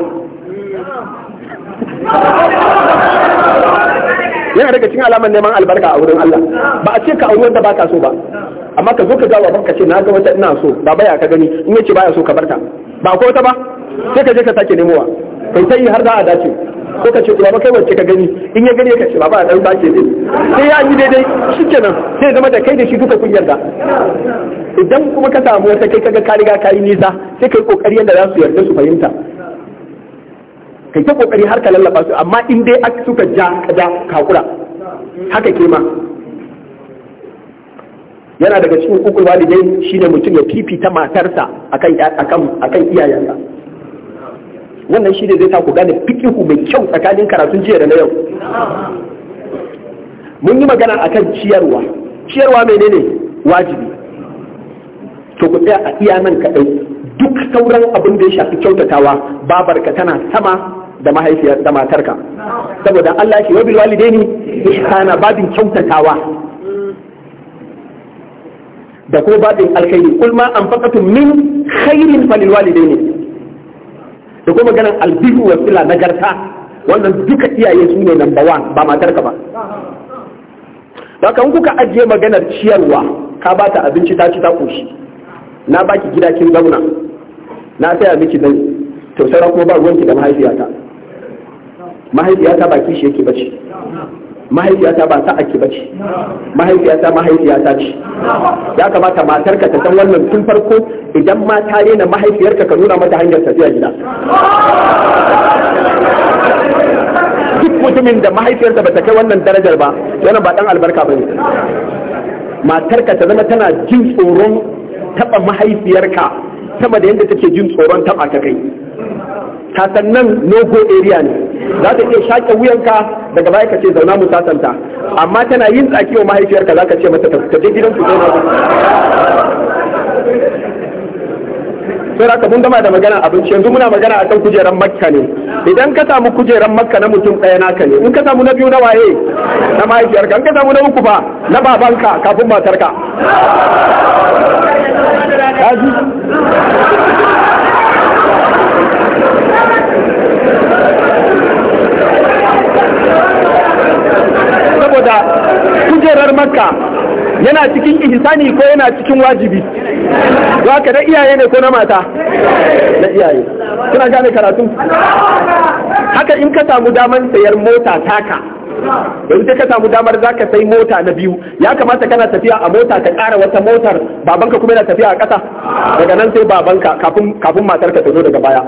yana daga cikin alamar neman albarka a wurin Allah ba a ce ka auri wanda baka so ba amma ka zo ka gawa ka ce na ga wata ina so baba ya ka gani in yace baya so ka barta ba ko wata ba sai ka je ka sake nemowa kai sai har za a dace ko ka ce baba kai wacce ka gani in ya gani ka ce baba dan sake ne sai ya yi daidai shikenan sai zama da kai da shi duka kun yarda idan kuma ka samu wata kai kaga ka riga ka yi nisa sai kai kokari yadda za su yarda su fahimta kai ta kokari har ka lallaba su amma in dai suka ja ka ja kakura haka ke ma yana daga cikin hukul walidai shine mutum ya fifita matarsa akan akan akan iyayensa wannan shine zai sa ku gane fikihu mai kyau tsakanin karatun jiya da na yau mun yi magana akan ciyarwa ciyarwa menene wajibi to ku tsaya a iya nan kaɗai duk sauran abin da ya shafi kyautatawa babarka tana sama da mahaifiyar da matarka saboda Allah ya ce wa bil walidaini ihsana babin kyautatawa da kuma baɗin alkhairi kul ma anfaqatum min khairin falil walidaini da kuma ganin albihu wa sila nagarta wannan duka iyaye su ne number one ba matar ka ba baka kuka ajiye maganar ciyarwa ka ba ta abinci ta ci ta koshi na baki gida kin zauna na saya miki dan to kuma ba ruwanki da mahaifiyata mahaifiyata baki shi yake bace mahaifiyata ba ta ake bace mahaifiyata mahaifiyata ce ya kamata matarka ta san wannan tun farko idan ma ta rena mahaifiyarka ka nuna mata hanyar tafiya gida duk mutumin da mahaifiyarsa ba ta kai wannan darajar ba yana ba dan albarka ba bane matarka ta zama tana jin tsoron taba mahaifiyarka sama da yadda take jin tsoron taba ta kai kasan nan logo area ne za ta iya shaƙe wuyanka daga baya ka ce zauna mu sasanta amma tana yin tsaki wa mahaifiyarka za ka ce mata Ka je gidan ku zauna sai raka mun gama da magana abinci yanzu muna magana akan kujeran makka ne idan ka samu kujeran makka na mutum ɗaya naka ne in ka samu na biyu na waye na mahaifiyarka in ka samu na uku ba, na babanka kafin matarka saboda kujerar makka yana cikin ihsani ko yana cikin wajibi za ka da iyaye ne ko na mata na iyaye kuna gane karatu haka in ka samu damar sayar mota taka wuce ka samu damar za ka sai mota na biyu ya kamata kana tafiya a mota ka ƙara wata motar babanka kuma yana tafiya a ƙasa daga nan sai babanka kafin matarka ta zo daga baya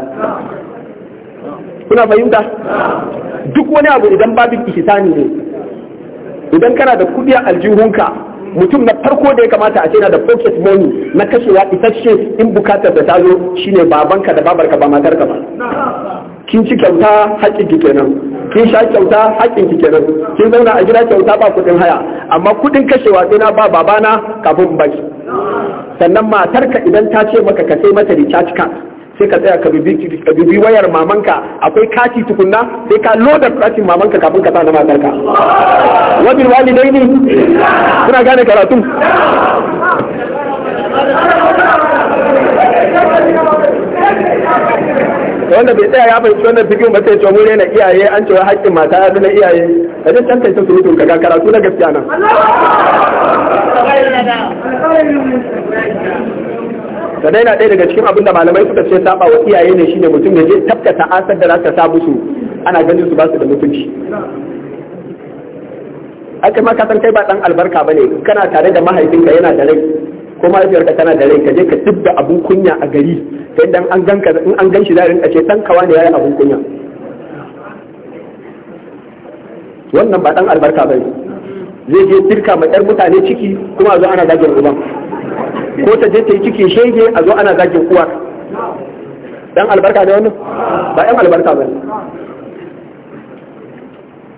kuna fahimta duk wani abu idan babin ihsani ne idan kana da kuɗi a aljihunka mutum na farko da ya kamata a ce na da pocket money na kashewa isasshe in bukatar da ta zo shine babanka da babarka ba matarka ba kin ci kyauta haƙƙin ki kenan kin sha kyauta haƙƙin ki kenan kin zauna a gida kyauta ba kuɗin haya amma kuɗin kashewa sai na ba babana kafin baki sannan matarka idan ta ce maka ka sai mata recharge card sai ka tsaya ka dubi wayar mamanka akwai kati tukunna sai ka loda katin mamanka kafin ka sa ka matarka wabil walidaini kuna gane karatu wanda bai tsaya ya fahimci wannan fikin ba tsohon cewa rena iyaye an cewa haƙƙin mata ya na iyaye ka je can kai sun surutun ka karatu na gaskiya nan ka daina ɗaya daga cikin abin da malamai suka ce saba wa iyaye ne shine mutum ya je tafka asar da za ta sa musu ana ganin su ba su da mutunci aka ma ka san kai ba dan albarka bane kana tare da mahaifinka yana da rai ko mahaifiyarka tana da rai ka je ka dubba abun kunya a gari sai dan an ganka in an ganshi da rinka ce dan kawa ne yayi abun kunya wannan ba dan albarka bane zai je dirka ma yar mutane ciki kuma a zo ana dajin uban ko ta je ta yi cikin shege a zo ana zagin kuwa dan albarka ne wannan ba yan albarka ba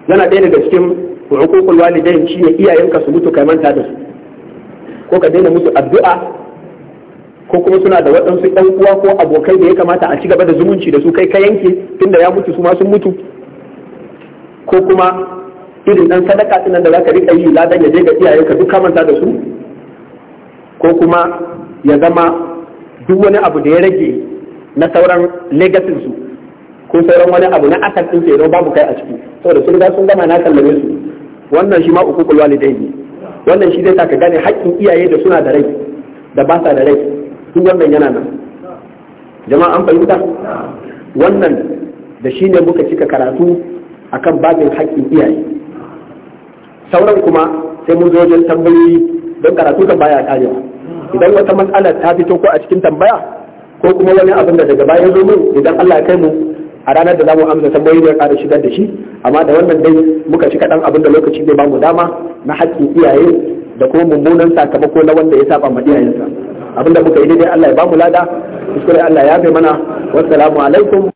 yana ɗaya daga cikin hukukul walidain shine iyayenka su mutu kai manta da su ko ka daina musu addu'a ko kuma suna da waɗansu ɗan uwa ko abokai da ya kamata a ci gaba da zumunci da su kai ka yanke tunda ya mutu su ma sun mutu ko kuma irin ɗan sadaka ɗin da za ka riƙa yi ladan ya je ga iyayenka duk ka manta da su ko kuma ya zama duk wani abu da ya rage na sauran legacin su ko sauran wani abu na asal din kenan babu kai a ciki saboda sun ga sun gama na sallame su wannan shi ma uku kulwa ne wannan shi zai saka gane haƙƙin iyaye da suna da rai da ba sa da rai duk wannan yana nan jama'a an fahimta wannan da shi ne muka cika karatu akan babin haƙƙin iyaye sauran kuma sai mun zo wajen tambayoyi don karatu kan baya karewa idan wata matsala ta fito ko a cikin tambaya ko kuma wani abin da daga baya zo min idan Allah ya kai mu a ranar da za mu amsa tambayoyi da ƙara shigar da shi amma da wannan dai muka ci kaɗan abin da lokaci zai bamu dama na haƙƙin iyaye da kuma mummunan sakamako na wanda ya saba ma iyayensa da muka yi daidai Allah ya bamu lada kuskure Allah ya bai mana wassalamu alaikum